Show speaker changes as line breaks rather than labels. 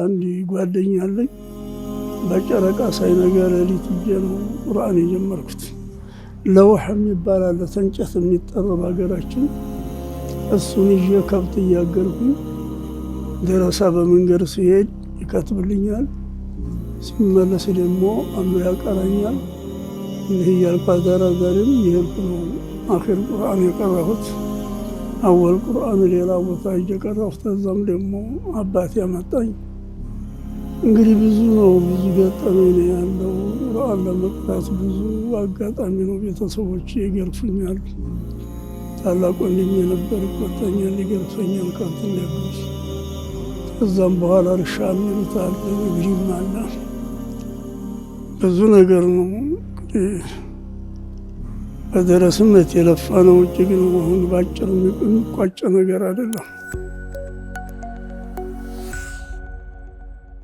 አንድ ጓደኛ አለኝ። በጨረቃ ሳይ ነገር ሌሊት ነው ቁርአን የጀመርኩት። ለውሕ የሚባል አለ ተንጨት የሚጠረብ ሀገራችን፣ እሱን ይዤ ከብት እያገርኩኝ ደረሳ በመንገድ ሲሄድ ይከትብልኛል፣ ሲመለስ ደግሞ አንዱ ያቀራኛል። እንዲህ እያልኩ አዳራ ዛሬም እየሄድኩ ነው አኺር ቁርአን የቀራሁት። አወል ቁርአን ሌላ ቦታ እየቀራሁ ተዛም ደግሞ አባቴ አመጣኝ። እንግዲህ ብዙ ነው ብዙ ገጠመኝ ነው ያለው። ረአን ለመቅራት ብዙ አጋጣሚ ነው። ቤተሰቦች ይገርፉኛል። ታላቅ ወንድሜ የነበር ይቆጠኛል፣ ይገርፈኛል፣ ከብት እንዲያቀስ ከዛም በኋላ እርሻ ሚሉታል፣ ንግድም አለ ብዙ ነገር ነው እንግዲህ በደረስነት የለፋ ነው እጅግ ነው። አሁን ባጭር የሚቋጭ ነገር አይደለም።